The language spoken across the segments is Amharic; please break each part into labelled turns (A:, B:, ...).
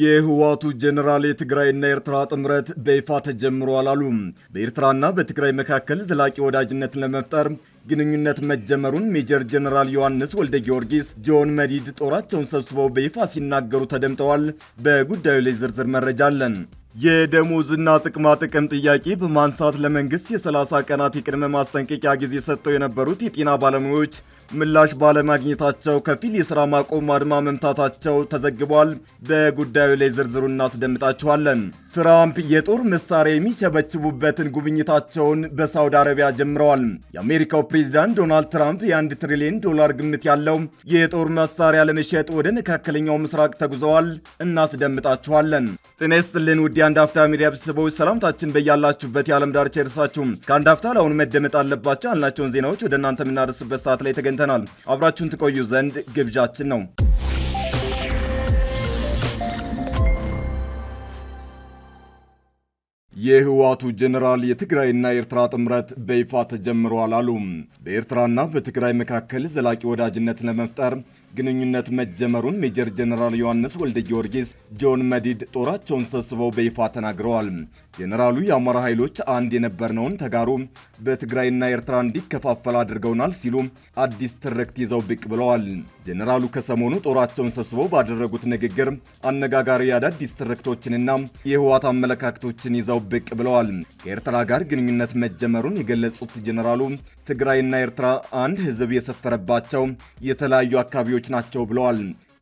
A: የህወሓቱ ጀኔራል የትግራይና የኤርትራ ጥምረት በይፋ ተጀምሯል አሉ። በኤርትራና በትግራይ መካከል ዘላቂ ወዳጅነት ለመፍጠር ግንኙነት መጀመሩን ሜጀር ጀነራል ዮሐንስ ወልደ ጊዮርጊስ ጆን መዲድ ጦራቸውን ሰብስበው በይፋ ሲናገሩ ተደምጠዋል። በጉዳዩ ላይ ዝርዝር መረጃ አለን። የደሞዝና ጥቅማ ጥቅም ጥያቄ በማንሳት ለመንግስት የ30 ቀናት የቅድመ ማስጠንቀቂያ ጊዜ ሰጥተው የነበሩት የጤና ባለሙያዎች ምላሽ ባለማግኘታቸው ከፊል የሥራ ማቆም አድማ መምታታቸው ተዘግቧል። በጉዳዩ ላይ ዝርዝሩ እናስደምጣችኋለን። ትራምፕ የጦር መሳሪያ የሚቸበችቡበትን ጉብኝታቸውን በሳውዲ አረቢያ ጀምረዋል። የአሜሪካው ፕሬዚዳንት ዶናልድ ትራምፕ የአንድ ትሪሊዮን ዶላር ግምት ያለው የጦር መሳሪያ ለመሸጥ ወደ መካከለኛው ምስራቅ ተጉዘዋል። እናስደምጣችኋለን። ጤና ይስጥልን ውድ የአንድ አፍታ ሚዲያ ቤተሰቦች፣ ሰላምታችን በያላችሁበት የዓለም ዳርቻ ይድረሳችሁ። ከአንድ አፍታ ለአሁኑ መደመጥ አለባቸው ያልናቸውን ዜናዎች ወደ እናንተ የምናደርስበት ሰዓት ላይ ተገኝተ አግኝተናል። አብራችሁን ትቆዩ ዘንድ ግብዣችን ነው። የህወሓቱ ጀኔራል የትግራይና የኤርትራ ጥምረት በይፋ ተጀምሯል አሉ። በኤርትራና በትግራይ መካከል ዘላቂ ወዳጅነት ለመፍጠር ግንኙነት መጀመሩን ሜጀር ጀነራል ዮሐንስ ወልደ ጊዮርጊስ ጆን መዲድ ጦራቸውን ሰብስበው በይፋ ተናግረዋል። ጀነራሉ የአማራ ኃይሎች አንድ የነበርነውን ተጋሩ በትግራይና ኤርትራ እንዲከፋፈል አድርገውናል ሲሉ አዲስ ትርክት ይዘው ብቅ ብለዋል። ጀነራሉ ከሰሞኑ ጦራቸውን ሰብስበው ባደረጉት ንግግር አነጋጋሪ አዳዲስ ትርክቶችንና የህዋት አመለካከቶችን ይዘው ብቅ ብለዋል። ከኤርትራ ጋር ግንኙነት መጀመሩን የገለጹት ጀነራሉ ትግራይና ኤርትራ አንድ ህዝብ የሰፈረባቸው የተለያዩ አካባቢዎች ናቸው ብለዋል።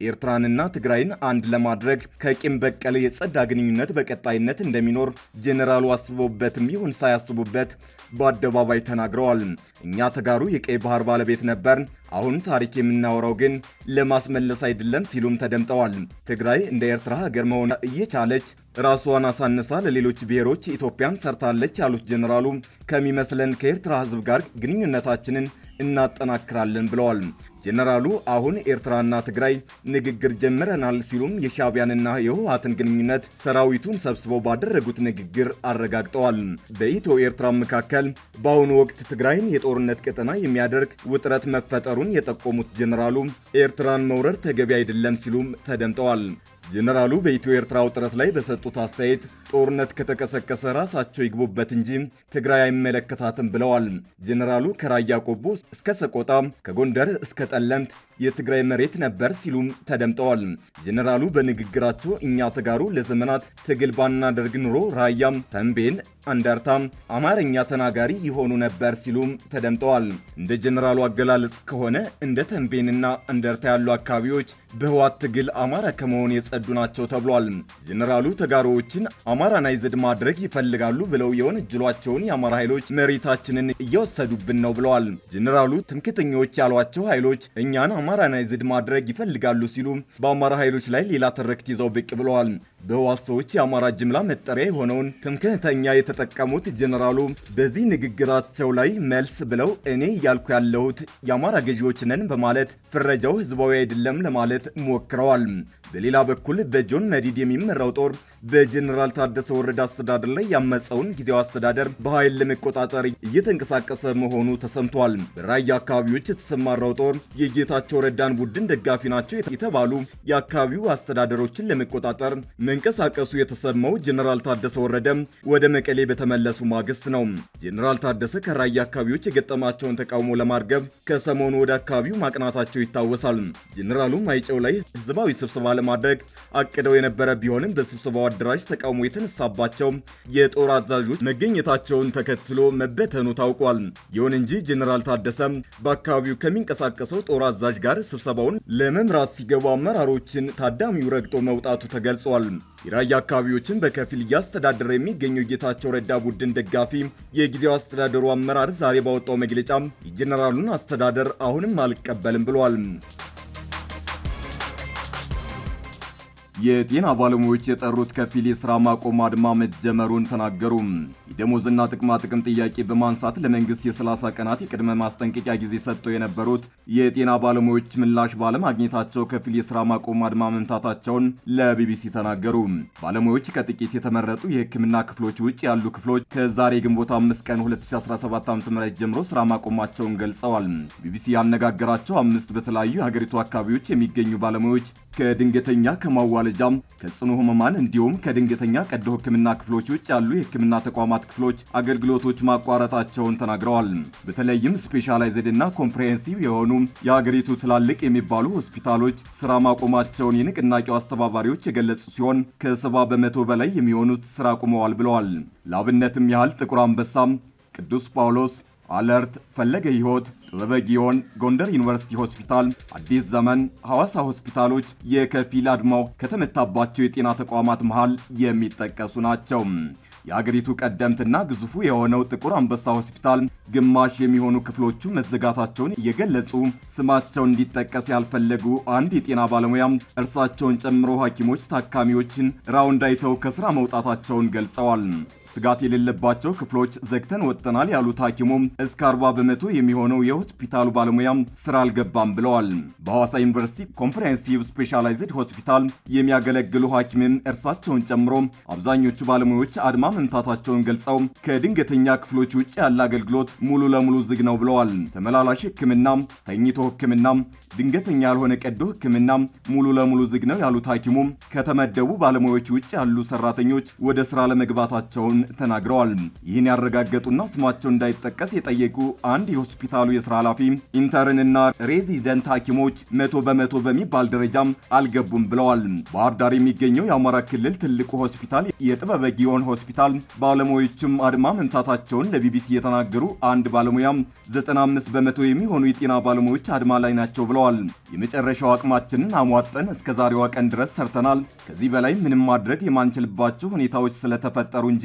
A: ኤርትራንና ትግራይን አንድ ለማድረግ ከቂም በቀል የጸዳ ግንኙነት በቀጣይነት እንደሚኖር ጄኔራሉ አስበውበትም ይሁን ሳያስቡበት በአደባባይ ተናግረዋል። እኛ ተጋሩ የቀይ ባህር ባለቤት ነበር፣ አሁን ታሪክ የምናወራው ግን ለማስመለስ አይደለም ሲሉም ተደምጠዋል። ትግራይ እንደ ኤርትራ ሀገር መሆን እየቻለች ራሷን አሳንሳ ለሌሎች ብሔሮች ኢትዮጵያን ሰርታለች ያሉት ጄኔራሉ ከሚመስለን ከኤርትራ ሕዝብ ጋር ግንኙነታችንን እናጠናክራለን ብለዋል። ጀነራሉ አሁን ኤርትራና ትግራይ ንግግር ጀምረናል ሲሉም የሻቢያንና የህወሀትን ግንኙነት ሰራዊቱን ሰብስበው ባደረጉት ንግግር አረጋግጠዋል። በኢትዮ ኤርትራ መካከል በአሁኑ ወቅት ትግራይን የጦርነት ቀጠና የሚያደርግ ውጥረት መፈጠሩን የጠቆሙት ጀነራሉ ኤርትራን መውረር ተገቢ አይደለም ሲሉም ተደምጠዋል። ጀነራሉ በኢትዮ ኤርትራ ውጥረት ላይ በሰጡት አስተያየት ጦርነት ከተቀሰቀሰ ራሳቸው ይግቡበት እንጂ ትግራይ አይመለከታትም ብለዋል። ጀነራሉ ከራያ ቆቦ እስከ ሰቆጣ፣ ከጎንደር እስከ ጠለምት የትግራይ መሬት ነበር ሲሉም ተደምጠዋል። ጀኔራሉ በንግግራቸው እኛ ተጋሩ ለዘመናት ትግል ባናደርግ ኑሮ ራያም፣ ተንቤን፣ አንዳርታም አማርኛ ተናጋሪ የሆኑ ነበር ሲሉም ተደምጠዋል። እንደ ጀኔራሉ አገላለጽ ከሆነ እንደ ተንቤንና አንደርታ ያሉ አካባቢዎች በህወሓት ትግል አማራ ከመሆን የጸዱ ናቸው ተብሏል። ጀኔራሉ ተጋሮዎችን አማራናይዝድ ማድረግ ይፈልጋሉ ብለው የወነጀሏቸውን የአማራ ኃይሎች መሬታችንን እየወሰዱብን ነው ብለዋል። ጀነራሉ ትምክተኞች ያሏቸው ኃይሎች እኛን አማራናይዝድ ማድረግ ይፈልጋሉ ሲሉ በአማራ ኃይሎች ላይ ሌላ ትርክት ይዘው ብቅ ብለዋል። በዋሶዎች የአማራ ጅምላ መጠሪያ የሆነውን ትምክህተኛ የተጠቀሙት ጀኔራሉ በዚህ ንግግራቸው ላይ መልስ ብለው እኔ እያልኩ ያለሁት የአማራ ገዢዎች ነን በማለት ፍረጃው ህዝባዊ አይደለም ለማለት ሞክረዋል። በሌላ በኩል በጆን መዲድ የሚመራው ጦር በጀኔራል ታደሰ ወረዳ አስተዳደር ላይ ያመፀውን ጊዜያዊ አስተዳደር በኃይል ለመቆጣጠር እየተንቀሳቀሰ መሆኑ ተሰምቷል። በራያ አካባቢዎች የተሰማራው ጦር የጌታቸው ረዳን ቡድን ደጋፊ ናቸው የተባሉ የአካባቢው አስተዳደሮችን ለመቆጣጠር መንቀሳቀሱ የተሰማው ጀኔራል ታደሰ ወረደ ወደ መቀሌ በተመለሱ ማግስት ነው። ጀነራል ታደሰ ከራያ አካባቢዎች የገጠማቸውን ተቃውሞ ለማርገብ ከሰሞኑ ወደ አካባቢው ማቅናታቸው ይታወሳል። ጀኔራሉ ማይጨው ላይ ህዝባዊ ስብሰባ ለማድረግ አቅደው የነበረ ቢሆንም በስብሰባው አዳራሽ ተቃውሞ የተነሳባቸው የጦር አዛዦች መገኘታቸውን ተከትሎ መበተኑ ታውቋል። ይሁን እንጂ ጀኔራል ታደሰ በአካባቢው ከሚንቀሳቀሰው ጦር አዛዥ ጋር ስብሰባውን ለመምራት ሲገቡ አመራሮችን ታዳሚው ረግጦ መውጣቱ ተገልጿል። የራያ አካባቢዎችን በከፊል እያስተዳደረ የሚገኘው ጌታቸው ረዳ ቡድን ደጋፊ የጊዜው አስተዳደሩ አመራር ዛሬ ባወጣው መግለጫም የጀነራሉን አስተዳደር አሁንም አልቀበልም ብሏል። የጤና ባለሙያዎች የጠሩት ከፊል የስራ ማቆም አድማ መጀመሩን ተናገሩ። የደሞዝና ጥቅማ ጥቅም ጥያቄ በማንሳት ለመንግስት የ30 ቀናት የቅድመ ማስጠንቀቂያ ጊዜ ሰጥተው የነበሩት የጤና ባለሙያዎች ምላሽ ባለማግኘታቸው ከፊል የስራ ማቆም አድማ መምታታቸውን ለቢቢሲ ተናገሩ። ባለሙያዎች ከጥቂት የተመረጡ የህክምና ክፍሎች ውጭ ያሉ ክፍሎች ከዛሬ ግንቦት 5 ቀን 2017 ዓ.ም ጀምሮ ስራ ማቆማቸውን ገልጸዋል። ቢቢሲ ያነጋገራቸው አምስት በተለያዩ የሀገሪቱ አካባቢዎች የሚገኙ ባለሙያዎች ከድንገተኛ ከማዋለ መውለጃ፣ ከጽኑ ህሙማን እንዲሁም ከድንገተኛ ቀዶ ህክምና ክፍሎች ውጭ ያሉ የህክምና ተቋማት ክፍሎች አገልግሎቶች ማቋረጣቸውን ተናግረዋል። በተለይም ስፔሻላይዝድ እና ኮምፕሬሄንሲቭ የሆኑ የአገሪቱ ትላልቅ የሚባሉ ሆስፒታሎች ስራ ማቆማቸውን የንቅናቄው አስተባባሪዎች የገለጹ ሲሆን ከሰባ በመቶ በላይ የሚሆኑት ስራ አቁመዋል ብለዋል። ለአብነትም ያህል ጥቁር አንበሳ፣ ቅዱስ ጳውሎስ አለርት፣ ፈለገ ሕይወት፣ ጥበበ ጊዮን፣ ጎንደር ዩኒቨርሲቲ ሆስፒታል፣ አዲስ ዘመን፣ ሐዋሳ ሆስፒታሎች የከፊል አድማው ከተመታባቸው የጤና ተቋማት መሃል የሚጠቀሱ ናቸው። የአገሪቱ ቀደምትና ግዙፉ የሆነው ጥቁር አንበሳ ሆስፒታል ግማሽ የሚሆኑ ክፍሎቹ መዘጋታቸውን እየገለጹ ስማቸው እንዲጠቀስ ያልፈለጉ አንድ የጤና ባለሙያ እርሳቸውን ጨምሮ ሐኪሞች ታካሚዎችን ራውንድ አይተው ከስራ መውጣታቸውን ገልጸዋል። ስጋት የሌለባቸው ክፍሎች ዘግተን ወጥተናል ያሉት ሐኪሙም እስከ 40 በመቶ የሚሆነው የሆስፒታሉ ባለሙያም ስራ አልገባም ብለዋል። በሐዋሳ ዩኒቨርሲቲ ኮምፕሬሄንሲቭ ስፔሻላይዝድ ሆስፒታል የሚያገለግሉ ሐኪምም እርሳቸውን ጨምሮ አብዛኞቹ ባለሙያዎች አድማ መምታታቸውን ገልጸው ከድንገተኛ ክፍሎች ውጭ ያለ አገልግሎት ሙሉ ለሙሉ ዝግ ነው ብለዋል። ተመላላሽ ሕክምና፣ ተኝቶ ሕክምና ድንገተኛ ያልሆነ ቀዶ ህክምና ሙሉ ለሙሉ ዝግ ነው ያሉት ሀኪሙ ከተመደቡ ባለሙያዎች ውጭ ያሉ ሰራተኞች ወደ ስራ ለመግባታቸውን ተናግረዋል። ይህን ያረጋገጡና ስማቸው እንዳይጠቀስ የጠየቁ አንድ የሆስፒታሉ የስራ ኃላፊ ኢንተርንና ሬዚደንት ሐኪሞች መቶ በመቶ በሚባል ደረጃም አልገቡም ብለዋል። ባህር ዳር የሚገኘው የአማራ ክልል ትልቁ ሆስፒታል የጥበበ ጊዮን ሆስፒታል ባለሙያዎችም አድማ መምታታቸውን ለቢቢሲ የተናገሩ አንድ ባለሙያም 95 በመቶ የሚሆኑ የጤና ባለሙያዎች አድማ ላይ ናቸው ብለዋል። ብለዋል። የመጨረሻው አቅማችንን አሟጠን እስከ ዛሬዋ ቀን ድረስ ሰርተናል። ከዚህ በላይ ምንም ማድረግ የማንችልባቸው ሁኔታዎች ስለተፈጠሩ እንጂ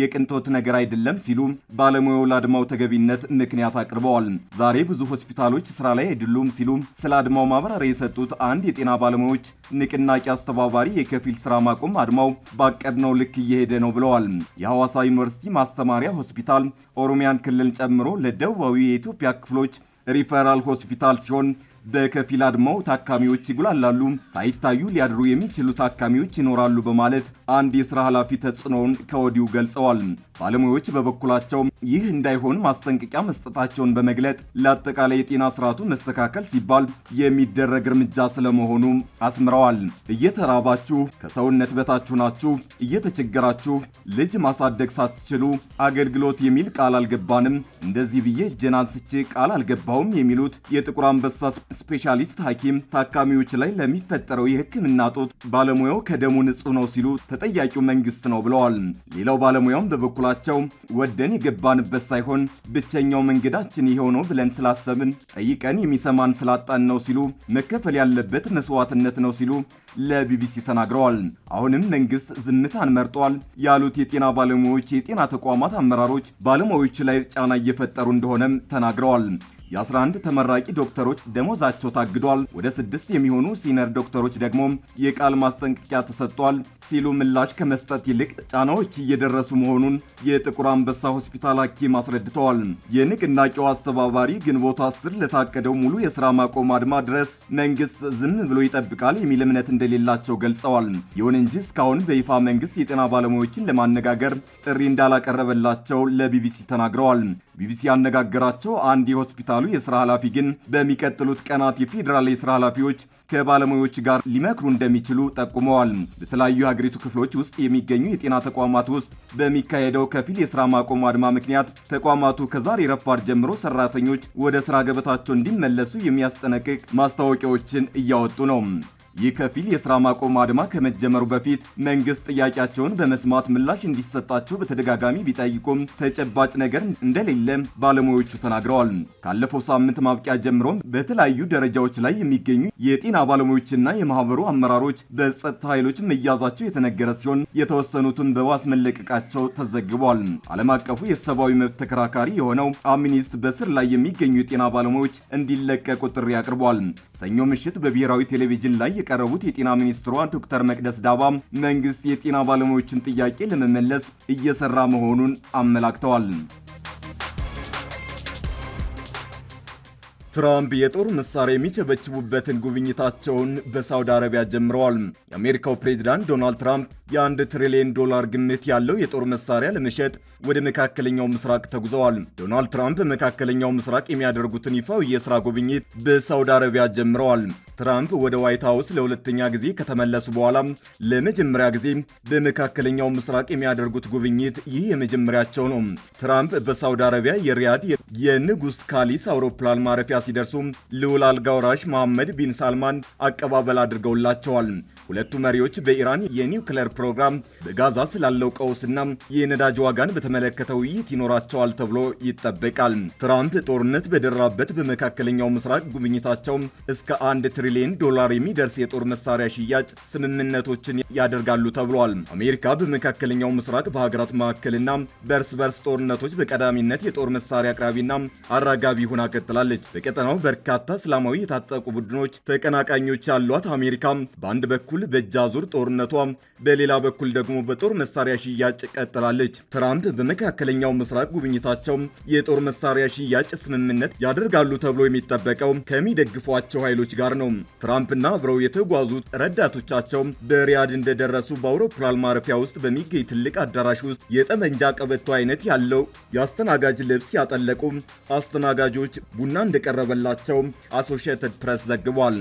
A: የቅንጦት ነገር አይደለም ሲሉ ባለሙያው ለአድማው ተገቢነት ምክንያት አቅርበዋል። ዛሬ ብዙ ሆስፒታሎች ስራ ላይ አይደሉም ሲሉ ስለ አድማው ማብራሪያ የሰጡት አንድ የጤና ባለሙያዎች ንቅናቄ አስተባባሪ የከፊል ስራ ማቆም አድማው ባቀድነው ልክ እየሄደ ነው ብለዋል። የሐዋሳ ዩኒቨርሲቲ ማስተማሪያ ሆስፒታል ኦሮሚያን ክልል ጨምሮ ለደቡባዊ የኢትዮጵያ ክፍሎች ሪፈራል ሆስፒታል ሲሆን በከፊል አድማው ታካሚዎች ይጉላላሉ፣ ሳይታዩ ሊያድሩ የሚችሉ ታካሚዎች ይኖራሉ በማለት አንድ የስራ ኃላፊ ተጽዕኖውን ከወዲሁ ገልጸዋል። ባለሙያዎች በበኩላቸው ይህ እንዳይሆን ማስጠንቀቂያ መስጠታቸውን በመግለጥ ለአጠቃላይ የጤና ስርዓቱ መስተካከል ሲባል የሚደረግ እርምጃ ስለመሆኑ አስምረዋል። እየተራባችሁ ከሰውነት በታችሁ ናችሁ፣ እየተቸገራችሁ ልጅ ማሳደግ ሳትችሉ አገልግሎት የሚል ቃል አልገባንም፣ እንደዚህ ብዬ እጄን አንስቼ ቃል አልገባሁም የሚሉት የጥቁር አንበሳ ስፔሻሊስት ሐኪም ታካሚዎች ላይ ለሚፈጠረው የህክምና ጦት ባለሙያው ከደሙ ንጹህ ነው ሲሉ ተጠያቂው መንግስት ነው ብለዋል። ሌላው ባለሙያውም በበኩላቸው ወደን የገባንበት ሳይሆን ብቸኛው መንገዳችን ይኸው ነው ብለን ስላሰብን ጠይቀን የሚሰማን ስላጣን ነው ሲሉ መከፈል ያለበት መስዋዕትነት ነው ሲሉ ለቢቢሲ ተናግረዋል። አሁንም መንግስት ዝምታን መርጧል ያሉት የጤና ባለሙያዎች የጤና ተቋማት አመራሮች ባለሙያዎች ላይ ጫና እየፈጠሩ እንደሆነም ተናግረዋል። የ11 ተመራቂ ዶክተሮች ደሞዛቸው ታግዷል። ወደ ስድስት የሚሆኑ ሲነር ዶክተሮች ደግሞ የቃል ማስጠንቀቂያ ተሰጥቷል ሲሉ ምላሽ ከመስጠት ይልቅ ጫናዎች እየደረሱ መሆኑን የጥቁር አንበሳ ሆስፒታል ሐኪም አስረድተዋል። የንቅናቄው አስተባባሪ ግንቦት አስር ለታቀደው ሙሉ የሥራ ማቆም አድማ ድረስ መንግሥት ዝም ብሎ ይጠብቃል የሚል እምነት እንደሌላቸው ገልጸዋል። ይሁን እንጂ እስካሁን በይፋ መንግሥት የጤና ባለሙያዎችን ለማነጋገር ጥሪ እንዳላቀረበላቸው ለቢቢሲ ተናግረዋል። ቢቢሲ ያነጋገራቸው አንድ የሆስፒታሉ የስራ ኃላፊ ግን በሚቀጥሉት ቀናት የፌዴራል የስራ ኃላፊዎች ከባለሙያዎች ጋር ሊመክሩ እንደሚችሉ ጠቁመዋል። በተለያዩ የሀገሪቱ ክፍሎች ውስጥ የሚገኙ የጤና ተቋማት ውስጥ በሚካሄደው ከፊል የስራ ማቆም አድማ ምክንያት ተቋማቱ ከዛሬ ረፋድ ጀምሮ ሰራተኞች ወደ ስራ ገበታቸው እንዲመለሱ የሚያስጠነቅቅ ማስታወቂያዎችን እያወጡ ነው። ይህ ከፊል የስራ ማቆም አድማ ከመጀመሩ በፊት መንግስት ጥያቄያቸውን በመስማት ምላሽ እንዲሰጣቸው በተደጋጋሚ ቢጠይቁም ተጨባጭ ነገር እንደሌለ ባለሙያዎቹ ተናግረዋል። ካለፈው ሳምንት ማብቂያ ጀምሮ በተለያዩ ደረጃዎች ላይ የሚገኙ የጤና ባለሙያዎችና የማህበሩ አመራሮች በጸጥታ ኃይሎች መያዛቸው የተነገረ ሲሆን የተወሰኑትን በዋስ መለቀቃቸው ተዘግቧል። ዓለም አቀፉ የሰብአዊ መብት ተከራካሪ የሆነው አምኒስት በስር ላይ የሚገኙ የጤና ባለሙያዎች እንዲለቀቁ ጥሪ አቅርቧል። ሰኞ ምሽት በብሔራዊ ቴሌቪዥን ላይ የቀረቡት የጤና ሚኒስትሯ ዶክተር መቅደስ ዳባ መንግስት የጤና ባለሙያዎችን ጥያቄ ለመመለስ እየሰራ መሆኑን አመላክተዋል። ትራምፕ የጦር መሳሪያ የሚቸበችቡበትን ጉብኝታቸውን በሳውዲ አረቢያ ጀምረዋል። የአሜሪካው ፕሬዚዳንት ዶናልድ ትራምፕ የአንድ ትሪሊዮን ዶላር ግምት ያለው የጦር መሳሪያ ለመሸጥ ወደ መካከለኛው ምስራቅ ተጉዘዋል። ዶናልድ ትራምፕ በመካከለኛው ምስራቅ የሚያደርጉትን ይፋው የስራ ጉብኝት በሳውዲ አረቢያ ጀምረዋል። ትራምፕ ወደ ዋይት ሀውስ ለሁለተኛ ጊዜ ከተመለሱ በኋላ ለመጀመሪያ ጊዜ በመካከለኛው ምስራቅ የሚያደርጉት ጉብኝት ይህ የመጀመሪያቸው ነው። ትራምፕ በሳውዲ አረቢያ የሪያድ የንጉስ ካሊስ አውሮፕላን ማረፊያ ሲደርሱ ልዑል አልጋ ወራሽ መሐመድ ቢን ሳልማን አቀባበል አድርገውላቸዋል። ሁለቱ መሪዎች በኢራን የኒውክሌር ፕሮግራም፣ በጋዛ ስላለው ቀውስና የነዳጅ ዋጋን በተመለከተ ውይይት ይኖራቸዋል ተብሎ ይጠበቃል። ትራምፕ ጦርነት በደራበት በመካከለኛው ምስራቅ ጉብኝታቸው እስከ አንድ ትሪሊየን ዶላር የሚደርስ የጦር መሳሪያ ሽያጭ ስምምነቶችን ያደርጋሉ ተብሏል። አሜሪካ በመካከለኛው ምስራቅ በሀገራት መካከልና በእርስ በርስ ጦርነቶች በቀዳሚነት የጦር መሳሪያ አቅራቢና አራጋቢ ሆና ቀጥላለች። በቀጠናው በርካታ እስላማዊ የታጠቁ ቡድኖች ተቀናቃኞች ያሏት አሜሪካ በአንድ በኩል በኩል በእጅ አዙር ጦርነቷ፣ በሌላ በኩል ደግሞ በጦር መሳሪያ ሽያጭ ቀጥላለች። ትራምፕ በመካከለኛው ምስራቅ ጉብኝታቸው የጦር መሳሪያ ሽያጭ ስምምነት ያደርጋሉ ተብሎ የሚጠበቀው ከሚደግፏቸው ኃይሎች ጋር ነው። ትራምፕና አብረው የተጓዙት ረዳቶቻቸው በሪያድ እንደደረሱ በአውሮፕላን ማረፊያ ውስጥ በሚገኝ ትልቅ አዳራሽ ውስጥ የጠመንጃ ቀበቶ አይነት ያለው የአስተናጋጅ ልብስ ያጠለቁ አስተናጋጆች ቡና እንደቀረበላቸው አሶሺየትድ ፕሬስ ዘግቧል።